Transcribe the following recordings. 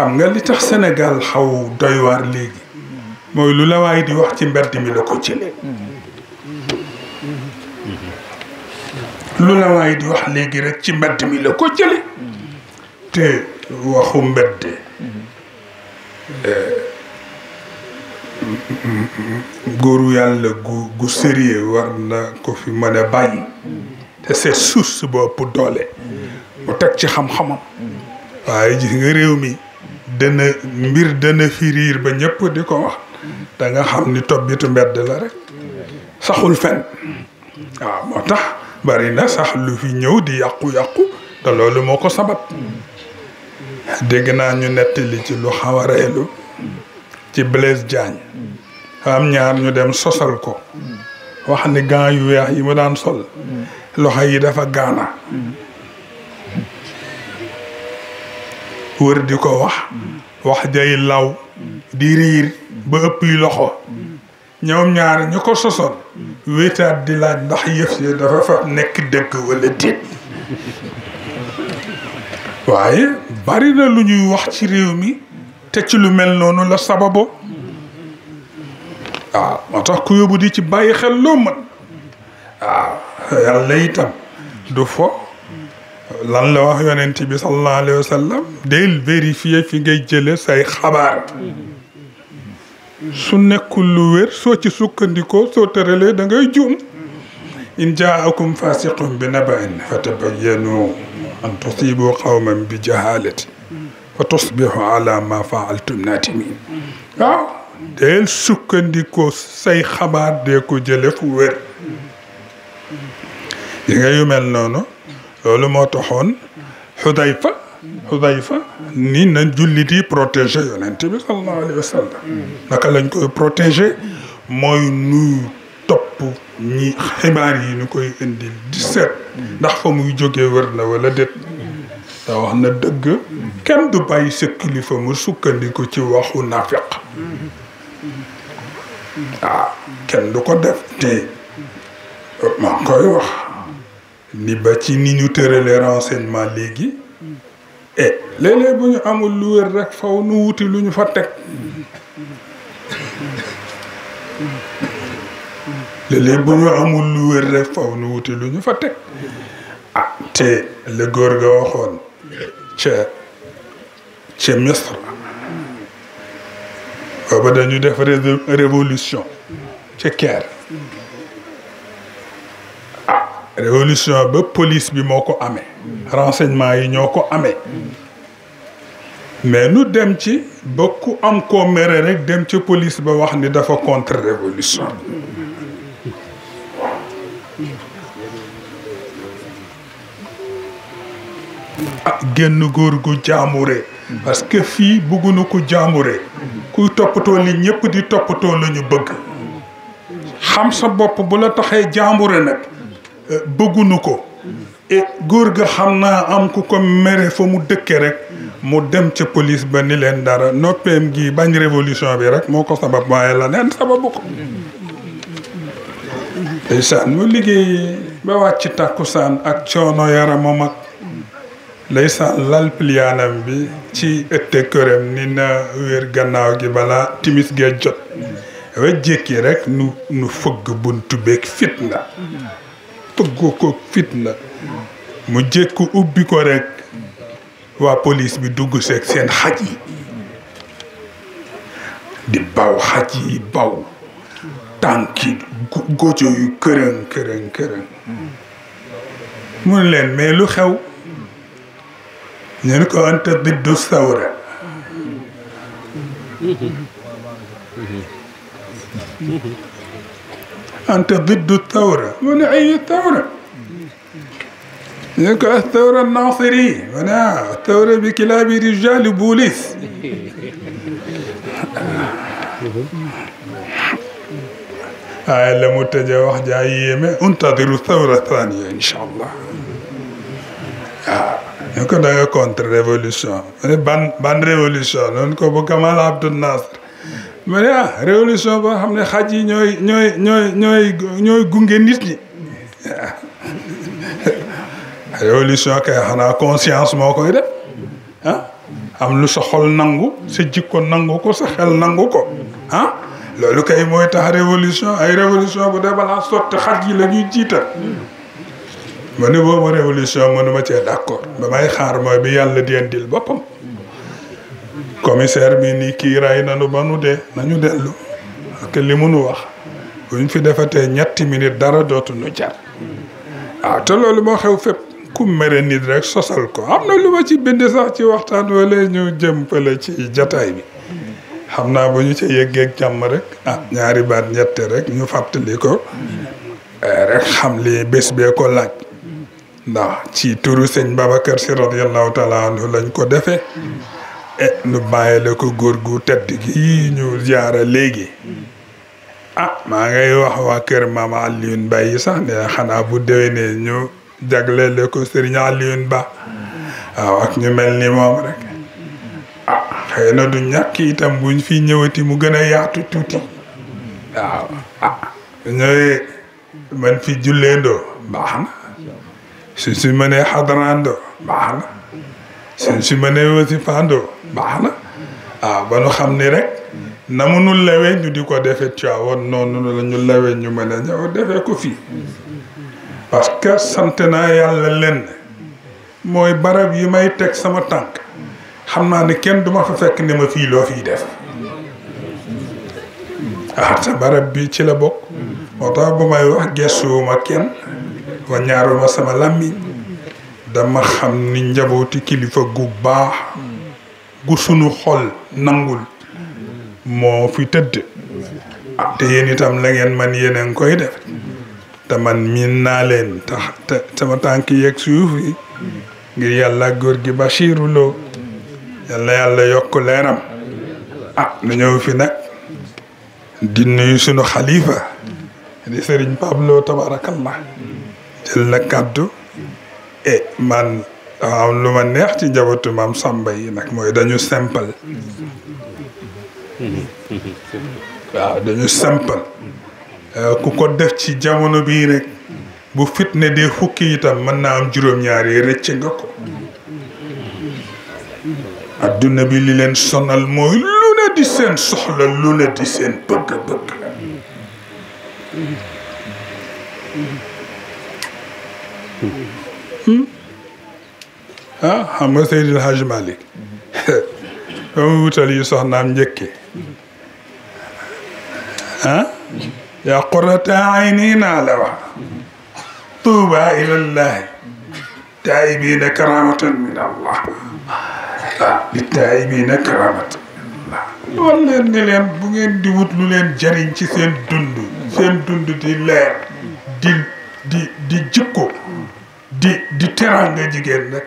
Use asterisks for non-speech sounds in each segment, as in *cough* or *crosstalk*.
xam nga li tax senegal xaw doy waar léegi mooy lu la waaye di wax ci mbedd mi la ko jële lu la waaye di wax léegi rek ci mbedd mi la ko jële te waxu mbedd góoru yàlla gu gu war na ko fi mën a bàyyi te seet suuf si bopp doole mu teg ci xam-xamam waaye gis nga réew mi dana mbir dana firiir ba ñëpp di ko wax da xam ni tobbitu mbedd la rek saxul fen waaw moo tax bari na sax lu fi ñëw di yàqu-yàqu te loolu moo ko sabab dégg naa ñu nettali ci lu xaw a reelu ci Blaise Diagne am ñaar ñu dem sosal ko wax ni gants yu weex yi mu daan sol loxo yi dafa gaana wër di ko wax wax jay law di riir ba ëpp yi loxo ñoom ñaar ñu ko sosoon wéetaat di laaj ndax yëf yi dafa fa nekk dëgg wala déet waaye bari lu ñuy wax ci réew mi te ci lu mel noonu la sababo waaw moo tax ku yóbbu di ci bàyyi xel loo mën waaw yàlla itam du fo lan la wax yonent bi sallallahu alayhi wasallam sallam del vérifier fi ngay jële say xabar su nekul lu wér so ci sukkandiko so terelé da ngay juum in jaakum fasiqun bi nabain fatabayyanu an tusibu qauman bi jahalati wa tusbihu ala ma faaltum natimin waaw del sukkandikoo say xabar de ko jële fu wér yi nga yu mel noonu loolu moo taxoon xudayfa xudayfa ni na jullit yi protéger yonent bi sallallahu alayhi wa naka lañ koy protégé mooy nuy topp ñi xibaar yi ñu koy indi di ndax fa muy jógee wër wala déet daa wax na dëgg kenn du bàyyi sa kilifa mu sukkandiku ci waxu nafiq ah kenn du ko def maa koy wax ni ba ci ni ñu tëralee renseignement léegi e léeg-léeg bu amul lu wër rek faaw nu wuti luñu fa tek léeg buñu amul lu wër rek faaw nu wuti luñu fa tek ah té le góor ga waxoon ci ca Misra booba dañu def révolution ci kër révolution ba police bi moo ko amee renseignement yi ñoo ko amee mais nu dem ci ba ku am koo mere rek dem ca police ba wax ni dafa contre révolution ah génn góor gu jaamure parce que fii bëggunu ko jàmbure kuy toppatoo li ñëpp di toppatoo la bëgg xam sa bopp bu la taxee jàmbure nag bëggunu ko góor ga xam naa am ku ko mere fa mu dëkke rek mu dem ca police ba ni leen dara noppeem gi bañ révolution bi rek moo ko sabab waaye la neen sababu ko ndeysaan mu liggéey ba wàcc tàkkusaan ak coono yaramam ak ndeysaan lal pliyaanam bi ci ëtte këram ni na wér gannaaw gi balaa timis gee jot wa jékki rek nu nu fëgg buntu beeg fitna tëggu ko fitna mu jékku ubbi ko rek waa police bi dugg seeg seen xaj yi di baw xaj yi baw tànki gojo yu kërën kërën kërën mun leen mais lu xew ñu ne ko anta biddu sawra أنت ضد الثورة ولا أي ثورة ذيك الثورة الناصرية ونا الثورة بكلاب رجال بوليس *laughs* هاي آه، لما تجاوح جاية انتظروا الثورة الثانية إن شاء الله آه، يقع ده كونتر ريفولوشن بان بان ريفولوشن انكو بكمال عبد الناصر ma ne ah révolution ba xam ne xaj yi ñooy ñooy ñooy ñooy ñooy gunge nit ñi *laughs* révolution kay xanaa conscience moo koy def ah am lu sa xol nangu sa jikko nangu ko sa xel nangu ko ah loolu kay mooy tax révolution ay révolution bu dee balaa sotti xaj yi la ñuy jiital ma ne boobu révolution mënuma cee d'accord ba may xaar mooy bi yàlla di andil boppam commissaire bi nii kii ray nanu ba nu dee nañu dellu ak li mu nu wax buñ fi defatee ñetti minute dara dootu nu jar waaw ah, te loolu moo xew fépp ku mere nit rek sosal ko am na lu ma ci bind sax ci waxtaan wala ñu jëm fële ci jataay bi xam naa bu ñu ci yëggeeg jàmm rek ah ñaari baat ñette rek ñu fàttali ko eh, rek xam li bés bee ko laaj ndax ci turu sëñ Babacar kër radiyallahu taala anhu lañ ko defee Eh, nu bàyyi la ko góor gu tedd gi ñu ziara léegi ah maa ngay wax waa kër maam Alioune Ba yi sax ne xanaa bu déwénee ñu jagle la ko Serigne Alioune Ba waaw ak ñu mel ni moom rek ah xëy na du ñàkk itam buñ fi ñëwati mu gën a yaatu tuuti waaw ah ñooy man fi julleendoo baax na su si mënee xadaraandoo baax na su si mënee wasifaandoo baax na ah ba nu xam ni rekk na mu nu lewee ñu di ko defee Tiwaawan noonu la ñu lewee ñu mën a ñëw defee ko fii parce que sant naa yàlla lenn mooy barab yi may teg sama tànk xam naa ni kenn duma fa fekk ne ma fii loo fiy def ah te barab bi ci la bokk moo tax bu may wax gestuwuma kenn wa ñaaruma sama làmmiñ dama xam ni njabooti kilifa gu baax gu sunu xol nangul moo fi tëdd te yéen itam la ngeen man yéen ngi koy def te man miin naa leen tax te sama tànk yeeg ngir yàlla góor gi Bachirou Lo yàlla yàlla yokk leeram ah nu ñëw fi nag di nuyu sunu xalifa di Serigne Pablo tabarakallah jël na kàddu e man waaw lu ma neex ci njabootu maam Samba yi nag mooy dañu sempal waaw dañu simple euh, ku ko def ci jamono bii rek bu fitne dee fukki itam mën naa am juróom-ñaar yi rëcc nga ko adduna bi li leen sonal mooy lu ne di seen soxla lu ne di seen bëgg-bëgg hmm? ah xam nga Seydil Hadj Malick ba mu wutal yu soxnaam njëkke ah naa la wax tuuba ilallahi taayibina karamatan min allah li taayibina karamatan leen ne leen bu ngeen di wut lu leen jariñ ci seen dund seen dund di leer di di jikko di teranga jigéen nag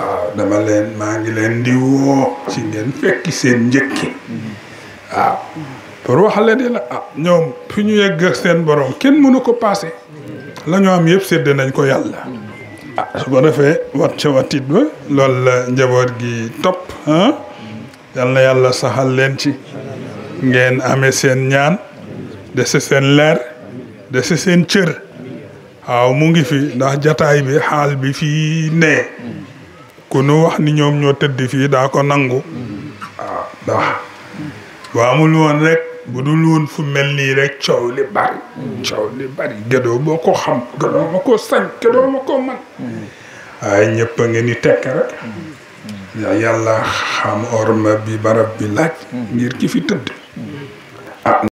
waaw ah, dama leen maa ngi leen di woo ci ngeen fekki seen njëkki waaw pour wax la ni la ah ñoom ah, ya ah, eh? ya ya fi ñu yegg ak seen borom kenn mënu ko passé la ñu am yëpp sédd nañ ko yàlla ah su ko defee wat ca watit ba loolu la njaboot gi topp ah yal na yàlla saxal leen ci ngeen amee seen ñaan dese seen leer dese seen cër waaw mu ngi fi ndax jataay bi xaal bi fii nee ku nu wax ni ñoom ñoo tëdd fii daa ko nangu waaw ndax ah. bu woon rek bu dul woon fu mel nii rekk coow li bari coow li bari gédoo boo ko xam gédoo ma ko sañ gédoo ma ko man waaye ñëpp ngi ni tekk rek yàlla xam orma bi barab bi laaj ngir ki fi tëdd ah.